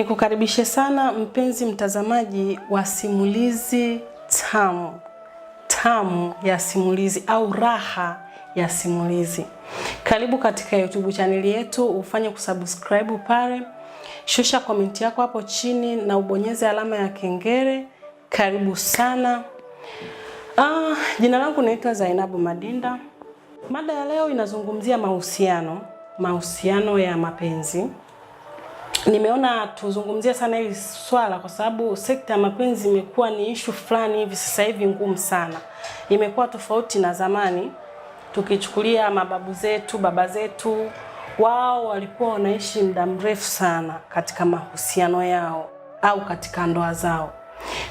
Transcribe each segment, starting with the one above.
Nikukaribishe sana mpenzi mtazamaji wa simulizi tamu tamu ya simulizi au raha ya simulizi. Karibu katika YouTube chaneli yetu, ufanye kusubscribe pale, shusha komenti yako hapo chini na ubonyeze alama ya kengele. Karibu sana. Ah, jina langu naitwa Zainabu Madinda. Mada ya leo inazungumzia mahusiano, mahusiano ya mapenzi Nimeona tuzungumzia sana hili swala kwa sababu sekta ya mapenzi imekuwa ni ishu fulani hivi sasa hivi ngumu sana, imekuwa tofauti na zamani. Tukichukulia mababu zetu, baba zetu, wao walikuwa wanaishi muda mrefu sana katika mahusiano yao au katika ndoa zao.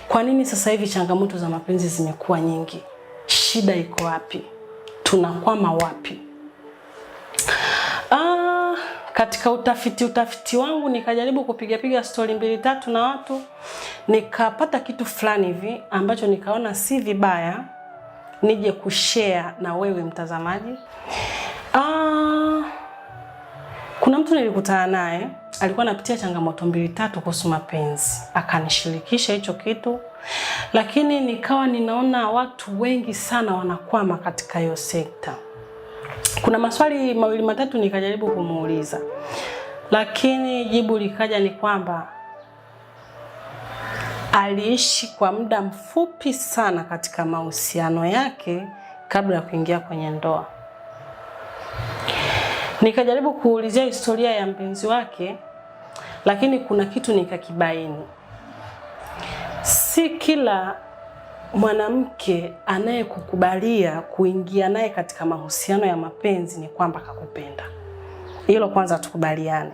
Kwa nini sasa hivi changamoto za mapenzi zimekuwa nyingi? Shida iko wapi? Tunakwama wapi? Katika utafiti utafiti wangu nikajaribu kupigapiga stori mbili tatu na watu, nikapata kitu fulani hivi ambacho nikaona si vibaya nije kushare na wewe mtazamaji. Ah, kuna mtu nilikutana naye alikuwa anapitia changamoto mbili tatu kuhusu mapenzi, akanishirikisha hicho kitu, lakini nikawa ninaona watu wengi sana wanakwama katika hiyo sekta kuna maswali mawili matatu nikajaribu kumuuliza, lakini jibu likaja ni kwamba aliishi kwa muda mfupi sana katika mahusiano yake kabla ya kuingia kwenye ndoa. Nikajaribu kuulizia historia ya mpenzi wake, lakini kuna kitu nikakibaini, si kila mwanamke anayekukubalia kuingia naye katika mahusiano ya mapenzi ni kwamba kakupenda. Hilo kwanza tukubaliane.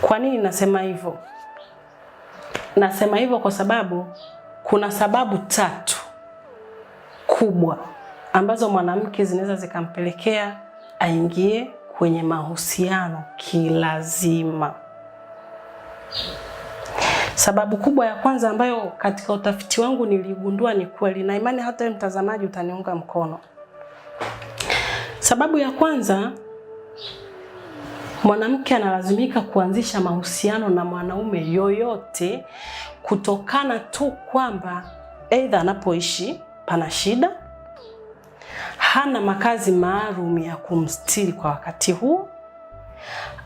Kwa nini nasema hivyo? Nasema hivyo kwa sababu kuna sababu tatu kubwa ambazo mwanamke zinaweza zikampelekea aingie kwenye mahusiano kilazima. Sababu kubwa ya kwanza ambayo katika utafiti wangu niligundua ni kweli, na imani hata wewe mtazamaji utaniunga mkono. Sababu ya kwanza, mwanamke analazimika kuanzisha mahusiano na mwanaume yoyote kutokana tu kwamba aidha anapoishi pana shida, hana makazi maalum ya kumstiri kwa wakati huu,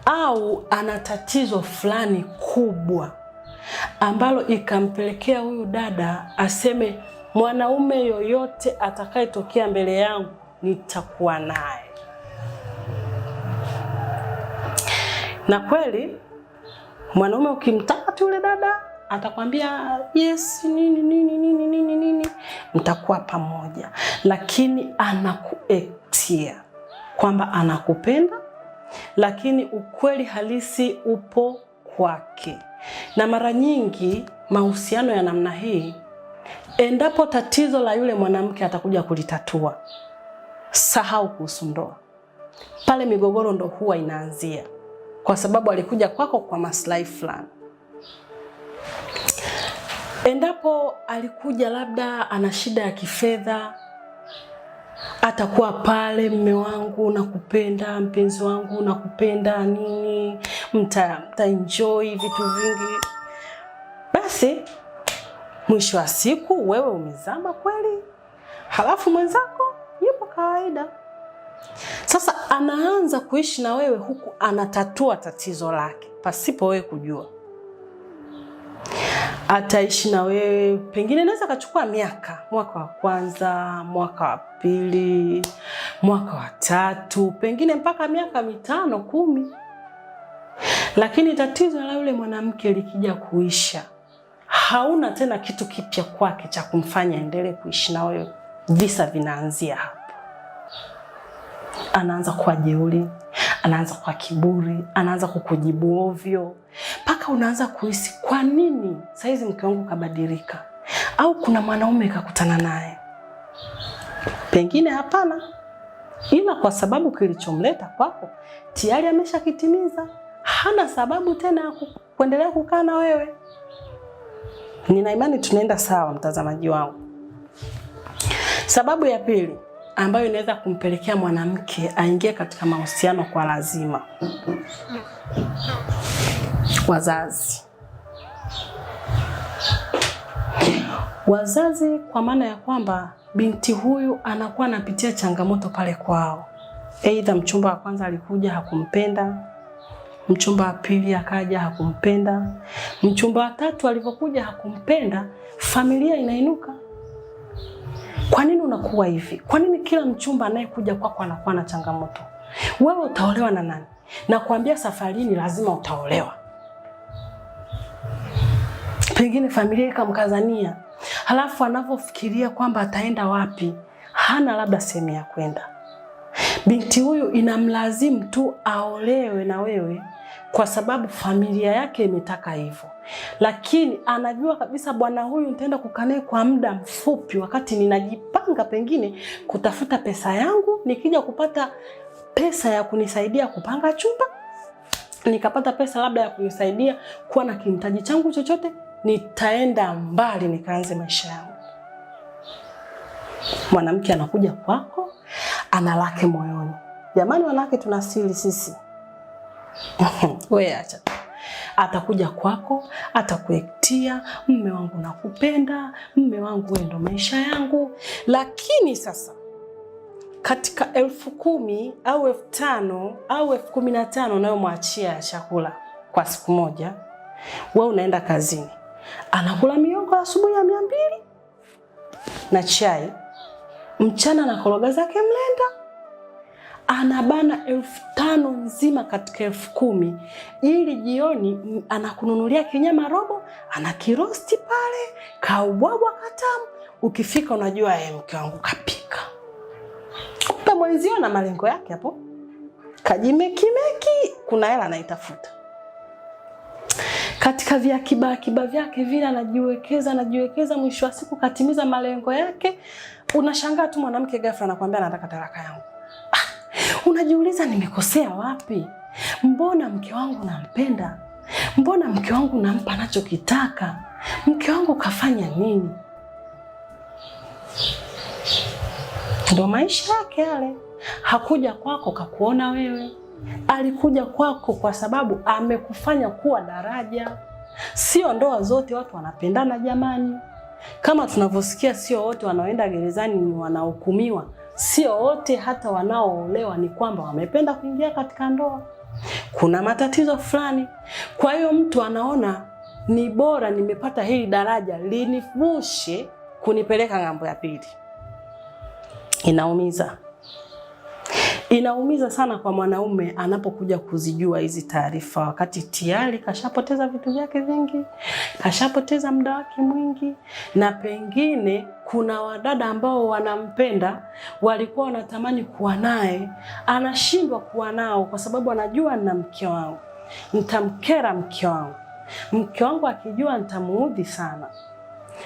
au ana tatizo fulani kubwa ambalo ikampelekea huyu dada aseme mwanaume yoyote atakayetokea mbele yangu nitakuwa naye. Na kweli mwanaume ukimtaka tu yule dada atakwambia yes, nini nini nini nini nini, mtakuwa pamoja, lakini anakuektia kwamba anakupenda, lakini ukweli halisi upo kwake. Na mara nyingi mahusiano ya namna hii, endapo tatizo la yule mwanamke atakuja kulitatua, sahau kuhusu ndoa. Pale migogoro ndo huwa inaanzia, kwa sababu alikuja kwako kwa, maslahi fulani. Endapo alikuja labda ana shida ya kifedha atakuwa pale, mme wangu nakupenda, mpenzi wangu nakupenda, nini, mta, mta enjoy vitu vingi. Basi mwisho wa siku wewe umezama kweli, halafu mwenzako yupo kawaida. Sasa anaanza kuishi na wewe huku anatatua tatizo lake pasipo wewe kujua ataishi na wewe, pengine naweza akachukua miaka, mwaka wa kwanza, mwaka wa pili, mwaka wa tatu, pengine mpaka miaka mitano kumi, lakini tatizo la yule mwanamke likija kuisha, hauna tena kitu kipya kwake cha kumfanya endelee kuishi na wewe. Visa vinaanzia hapo anaanza kuwa jeuri, anaanza kuwa kiburi, anaanza kukujibu ovyo, mpaka unaanza kuhisi kwa nini saizi mke wangu kabadilika? Au kuna mwanaume kakutana naye? Pengine hapana, ila kwa sababu kilichomleta kwako tayari ameshakitimiza, hana sababu tena ya kuendelea kukaa na wewe. Nina imani tunaenda sawa, mtazamaji wangu. Sababu ya pili ambayo inaweza kumpelekea mwanamke aingie katika mahusiano kwa lazima. Wazazi, wazazi kwa maana ya kwamba binti huyu anakuwa anapitia changamoto pale kwao, aidha mchumba wa kwanza alikuja hakumpenda, mchumba wa pili akaja hakumpenda, mchumba wa tatu alivyokuja hakumpenda, familia inainuka kwa nini unakuwa hivi? Kwa nini kila mchumba anayekuja kwako anakuwa na changamoto? Wewe utaolewa na nani? Nakwambia safarini, lazima utaolewa. Pengine familia ikamkazania, halafu anavyofikiria kwamba ataenda wapi, hana labda sehemu ya kwenda. Binti huyu inamlazimu tu aolewe na wewe kwa sababu familia yake imetaka hivyo, lakini anajua kabisa bwana huyu nitaenda kukaa naye kwa muda mfupi, wakati ninajipanga pengine kutafuta pesa yangu, nikija kupata pesa ya kunisaidia kupanga chumba, nikapata pesa labda ya kunisaidia kuwa na kimtaji changu chochote, nitaenda mbali nikaanze maisha yangu. Mwanamke anakuja kwako ana lake moyoni. Jamani, wanawake tuna siri sisi. Wewe acha. Atakuja kwako, atakuektia mme wangu nakupenda, mme wangu wewe ndo maisha yangu. Lakini sasa katika elfu kumi au elfu tano au elfu kumi na tano unayomwachia ya chakula kwa siku moja, we unaenda kazini, anakula miongo asubuhi ya mia mbili na chai, mchana anakoroga zake mlenda anabana elfu tano nzima katika elfu kumi ili jioni anakununulia kinyama robo, kirosti pale, kaubwabwa katamu. Ukifika unajua yeye, eh, mke wangu kapika. Kumbe mwenzio na malengo yake hapo, kajimekimeki, kuna hela anaitafuta katika vya kiba vyake vile anajiwekeza anajiwekeza, mwisho wa siku katimiza malengo yake. Unashangaa tu mwanamke ghafla anakuambia anataka talaka yangu. Unajiuliza nimekosea wapi? Mbona mke wangu nampenda? Mbona mke wangu nampa anachokitaka? Mke wangu kafanya nini? Ndo maisha yake yale. Hakuja kwako kakuona wewe, alikuja kwako kwa sababu amekufanya kuwa daraja. Sio ndoa zote watu wanapendana jamani. Kama tunavyosikia, sio wote wanaoenda gerezani ni wanahukumiwa, Sio wote hata wanaoolewa ni kwamba wamependa kuingia katika ndoa, kuna matatizo fulani. Kwa hiyo mtu anaona ni bora nimepata hili daraja linivushe kunipeleka ng'ambo ya pili. Inaumiza. Inaumiza sana kwa mwanaume anapokuja kuzijua hizi taarifa, wakati tayari kashapoteza vitu vyake vingi, kashapoteza muda wake mwingi, na pengine kuna wadada ambao wanampenda, walikuwa wanatamani kuwa naye, anashindwa kuwa nao kwa sababu anajua nina mke wangu, nitamkera mke wangu, mke wangu akijua nitamuudhi sana.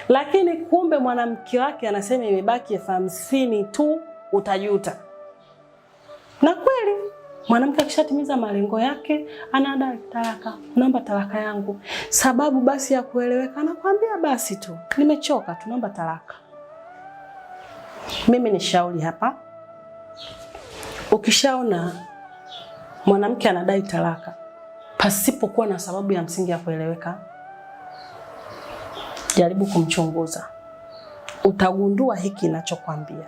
Lakini kumbe mwanamke wake anasema imebaki elfu hamsini tu, utajuta. Na kweli mwanamke akishatimiza malengo yake anadai talaka, naomba talaka yangu. Sababu basi ya kueleweka, anakwambia basi tu nimechoka, tu naomba talaka. Mimi ni shauri hapa, ukishaona mwanamke anadai talaka pasipokuwa na sababu ya msingi ya kueleweka, jaribu kumchunguza, utagundua hiki ninachokwambia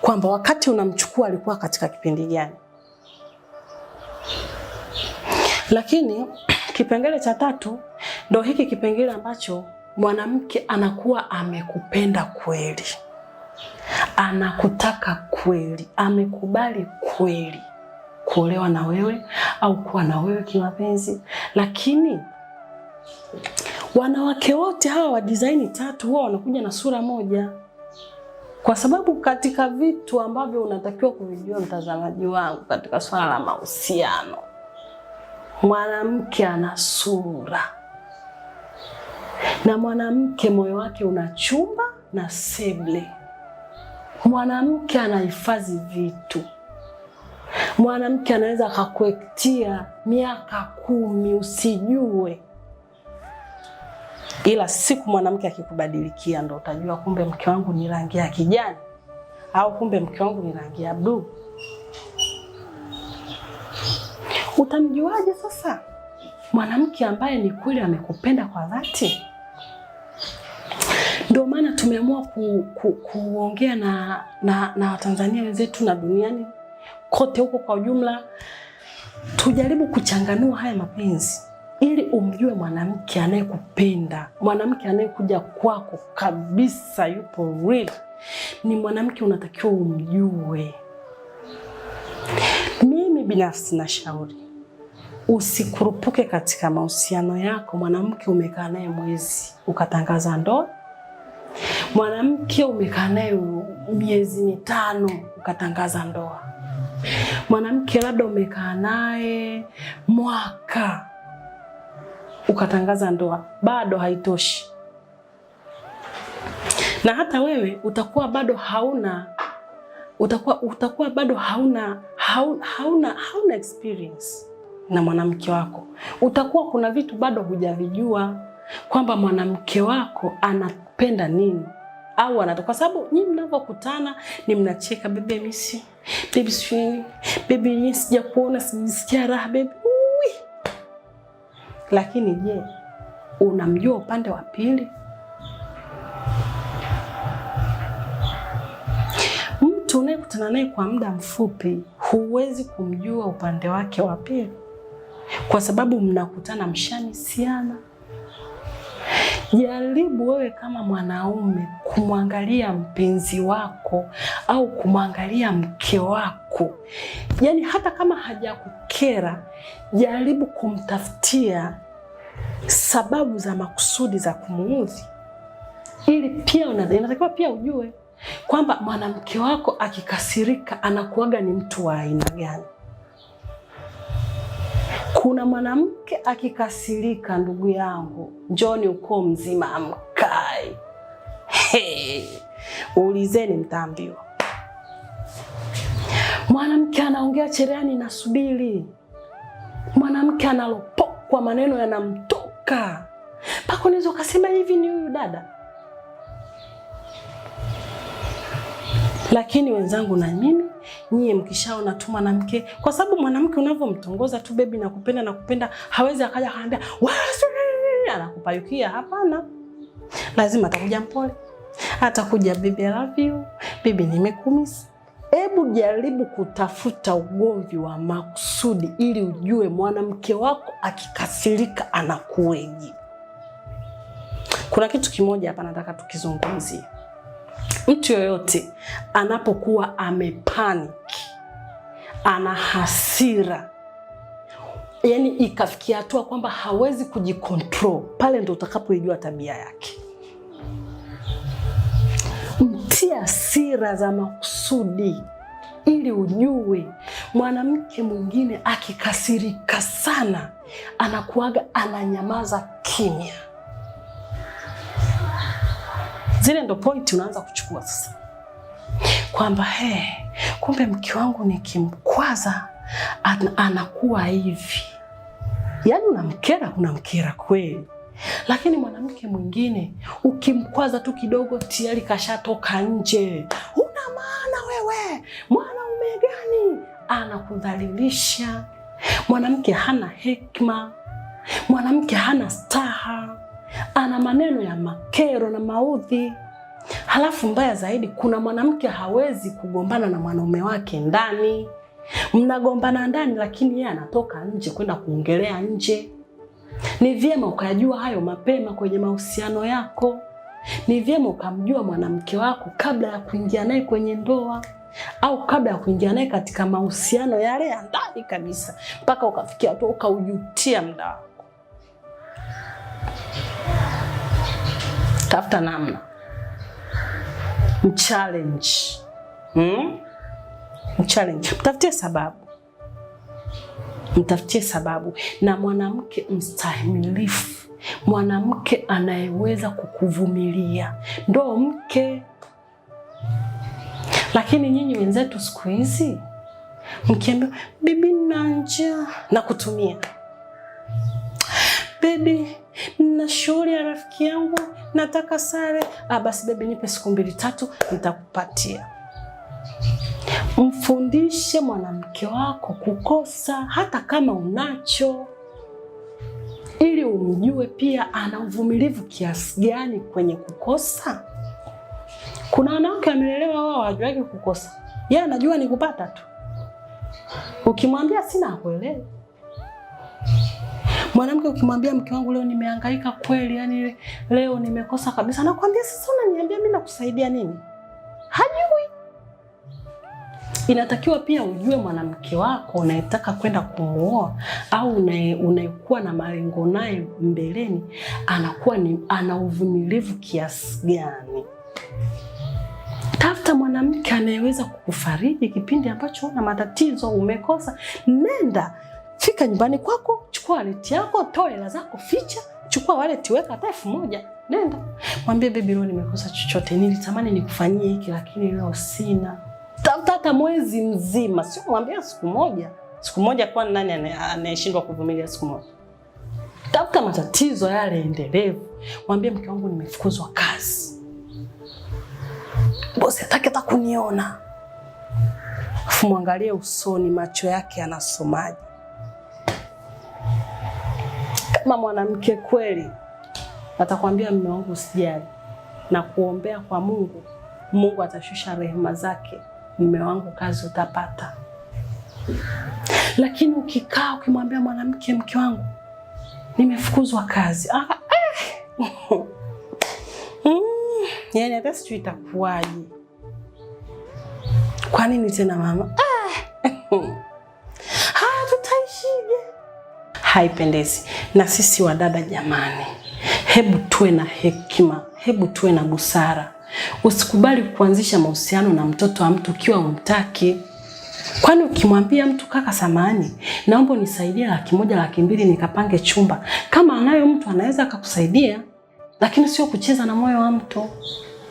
kwamba wakati unamchukua alikuwa katika kipindi gani. Lakini kipengele cha tatu ndo hiki kipengele ambacho mwanamke anakuwa amekupenda kweli, anakutaka kweli, amekubali kweli kuolewa na wewe au kuwa na wewe kimapenzi. Lakini wanawake wote hawa wa tatu huwa wanakuja na sura moja kwa sababu katika vitu ambavyo unatakiwa kuvijua, mtazamaji wangu, katika swala la mahusiano, mwanamke ana sura na mwanamke moyo wake una chumba na seble. Mwanamke anahifadhi vitu. Mwanamke anaweza akakuektia miaka kumi usijue ila siku mwanamke akikubadilikia, ndo utajua kumbe mke wangu ni rangi ya kijani au kumbe mke wangu ni rangi ya bluu. Utamjuaje sasa mwanamke ambaye ni kweli amekupenda kwa dhati? Ndio maana tumeamua ku, ku, kuongea na, na, na Watanzania wenzetu na duniani kote huko kwa ujumla, tujaribu kuchanganua haya mapenzi ili umjue mwanamke anayekupenda, mwanamke anayekuja kwako kabisa, yupo real, ni mwanamke unatakiwa umjue. Mimi binafsi nashauri usikurupuke katika mahusiano yako. Mwanamke umekaa naye mwezi ukatangaza ndoa, mwanamke umekaa naye miezi mitano ukatangaza ndoa, mwanamke labda umekaa naye mwaka ukatangaza ndoa, bado haitoshi, na hata wewe utakuwa bado hauna utakuwa, utakuwa bado hauna, hauna, hauna, hauna experience na mwanamke wako. Utakuwa kuna vitu bado hujavijua kwamba mwanamke wako anapenda nini au anato, kwa sababu nyinyi mnavyokutana ni mnacheka, bebe misi, bebi sijui, bebi sijakuona, sijisikia raha bebi lakini je, unamjua upande wa pili? Mtu unayekutana naye kwa muda mfupi, huwezi kumjua upande wake wa pili, kwa sababu mnakutana siana Jaribu wewe kama mwanaume kumwangalia mpenzi wako au kumwangalia mke wako, yaani hata kama hajakukera, jaribu kumtafutia sababu za makusudi za kumuudhi, ili pia inatakiwa pia ujue kwamba mwanamke wako akikasirika anakuaga ni mtu wa aina gani. Kuna mwanamke mwanamke akikasirika, ndugu yangu, njoni uko mzima amkai. Hey, uulizeni mtaambiwa. Mwanamke anaongea cherehani nasubiri, mwanamke analopokwa maneno yanamtoka mpaka unaweza ukasema hivi ni huyu dada. Lakini wenzangu na mimi nyie mkishaona tu mwanamke, kwa sababu mwanamke unavyomtongoza tu bebi na kupenda na kupenda, hawezi akaja akamwambia anakupayukia. Hapana, lazima atakuja mpole, atakuja bebi, I love you bebi, nimekumisi Hebu jaribu kutafuta ugomvi wa makusudi ili ujue mwanamke wako akikasirika anakuweji. Kuna kitu kimoja hapa nataka tukizungumzie. Mtu yoyote anapokuwa amepanic, ana hasira, yani ikafikia hatua kwamba hawezi kujikontrol, pale ndo utakapoijua tabia yake. Mtia hasira za makusudi ili ujue. Mwanamke mwingine akikasirika sana anakuaga ananyamaza kimya Zile ndo point unaanza kuchukua sasa, kwamba he, kumbe mke wangu nikimkwaza an anakuwa hivi. Yaani unamkera, unamkera kweli, lakini mwanamke mwingine ukimkwaza tu kidogo tayari kashatoka nje. Una maana wewe, mwanaume gani? Anakudhalilisha. Mwanamke hana hekima, mwanamke hana staha ana maneno ya makero na maudhi. Halafu mbaya zaidi, kuna mwanamke hawezi kugombana na mwanaume wake ndani. Mnagombana ndani, lakini yeye anatoka nje kwenda kuongelea nje. Ni vyema ukajua hayo mapema kwenye mahusiano yako. Ni vyema ukamjua mwanamke wako kabla ya kuingia naye kwenye ndoa au kabla ya kuingia naye katika mahusiano yale ya ndani kabisa, mpaka ukafikia tu ukaujutia mda tafuta namna mchallenge, hmm? Mchallenge, mtafutie sababu, mtafutie sababu. Na mwanamke mstahimilifu, mwanamke anayeweza kukuvumilia ndo mke. Lakini nyinyi wenzetu siku hizi mkiambia bibi, nanja njaa na kutumia bibi rafiki yangu, nataka sare. Ah, basi bebi, nipe siku mbili tatu, nitakupatia. Mfundishe mwanamke wako kukosa, hata kama unacho, ili umjue pia ana uvumilivu kiasi gani kwenye kukosa. Kuna wanawake wamelelewa wao hawajuagi kukosa, yeye anajua ni kupata tu. Ukimwambia sina, akuelewe Mwanamke ukimwambia mke wangu, leo nimehangaika kweli, yani leo nimekosa kabisa, anakuambia sasa, unaniambia mimi nakusaidia nini? Hajui. Inatakiwa pia ujue mwanamke wako unayetaka kwenda kumuoa au unayekuwa na malengo naye mbeleni, anakuwa ni ana uvumilivu kiasi gani. Tafuta mwanamke anayeweza kukufariji kipindi ambacho una matatizo, umekosa. Nenda fika nyumbani kwako, chukua wallet yako, toa hela zako, ficha, chukua wallet, weka hata elfu moja nenda mwambie baby leo nimekosa chochote, nilitamani nikufanyie hiki lakini leo sina. Tafuta hata mwezi mzima, sio mwambie siku moja. Siku moja, kwa nani anayeshindwa kuvumilia siku moja? Tafuta matatizo yale endelevu, mwambie mke wangu nimefukuzwa kazi, bosi hataki hata kuniona. Afu mwangalie usoni, macho yake anasomaje? kama mwanamke kweli atakwambia mume wangu usijali, na kuombea kwa Mungu, Mungu atashusha rehema zake, mume wangu kazi utapata. Lakini ukikaa ukimwambia mwanamke, mke wangu nimefukuzwa kazi, ah, eh. mm, yani hata sijui itakuwaje. Kwa nini tena mama? ah. ah tutaishije? haipendezi. Na sisi wadada, jamani, hebu tuwe na hekima, hebu tuwe na busara. Usikubali kuanzisha mahusiano na mtoto wa mtu ukiwa umtaki Kwani ukimwambia mtu kaka, samani, naomba nisaidie laki moja laki mbili nikapange chumba, kama anayo mtu anaweza akakusaidia, lakini sio kucheza na moyo wa mtu.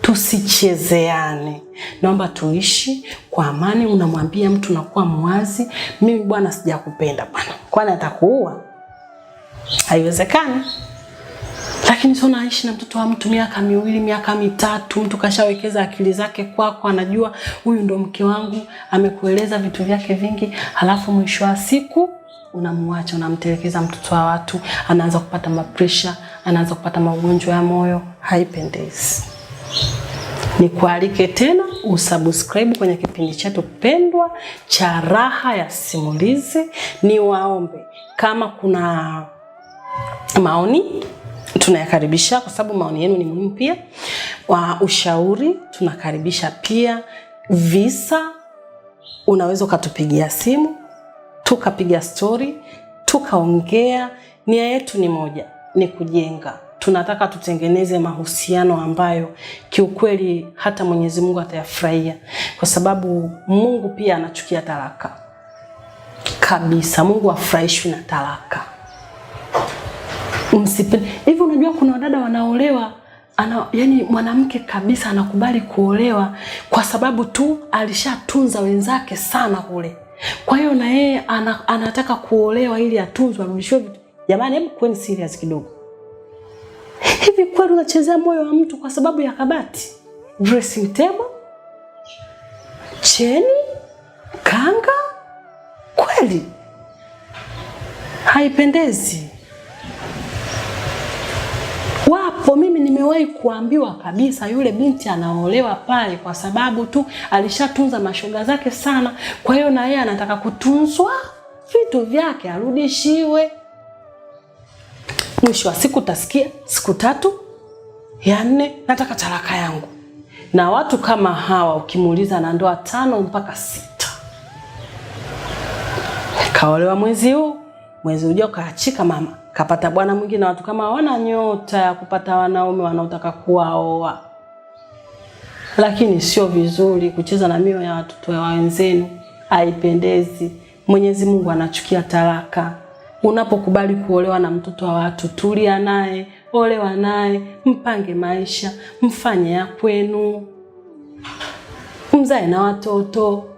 Tusichezeane, naomba tuishi kwa amani. Unamwambia mtu, nakuwa mwazi, mimi bwana sijakupenda bwana, kwani atakuua? Haiwezekani. Lakini sio naishi na mtoto wa mtu miaka miwili, miaka mitatu, mtu kashawekeza akili zake kwako kwa, anajua huyu ndo mke wangu, amekueleza vitu vyake vingi, halafu mwisho wa siku unamwacha unamtelekeza mtoto wa watu, anaanza kupata mapresha, anaanza kupata magonjwa ya moyo. Haipendezi. Nikualike tena usubscribe kwenye kipindi chetu pendwa cha Raha ya Simulizi. Niwaombe kama kuna maoni tunayakaribisha kwa sababu maoni yenu ni muhimu pia. Wa ushauri tunakaribisha pia. Visa unaweza ukatupigia simu tukapiga stori tukaongea. Nia yetu ni moja, ni kujenga. Tunataka tutengeneze mahusiano ambayo kiukweli hata Mwenyezi Mungu atayafurahia, kwa sababu Mungu pia anachukia talaka kabisa. Mungu afurahishwi na talaka msipende hivi. Unajua kuna wadada wanaolewa ana, yani mwanamke kabisa anakubali kuolewa kwa sababu tu alishatunza wenzake sana kule, kwa hiyo na yeye ana, anataka kuolewa ili atunzwe amrudishiwe vitu. Jamani, hebu kuweni serious kidogo. Hivi kweli unachezea moyo wa mtu kwa sababu ya kabati, dressing table, cheni, kanga? Kweli haipendezi. Kwa mimi nimewahi kuambiwa kabisa, yule binti anaolewa pale kwa sababu tu alishatunza mashoga zake sana, kwa hiyo na yeye anataka kutunzwa vitu vyake arudishiwe. Mwisho wa siku utasikia siku tatu ya nne, nataka talaka yangu. Na watu kama hawa ukimuuliza, na ndoa tano mpaka sita, kaolewa mwezi huu mwezi ujao kaachika mama, kapata bwana mwingine, na watu kama hawana nyota ya kupata wanaume wanaotaka kuwaoa. Lakini sio vizuri kucheza na mioyo ya watoto wa wenzenu, haipendezi. Mwenyezi Mungu anachukia talaka. Unapokubali kuolewa na mtoto wa watu, tulia naye, olewa naye, mpange maisha, mfanye ya kwenu, mzae na watoto.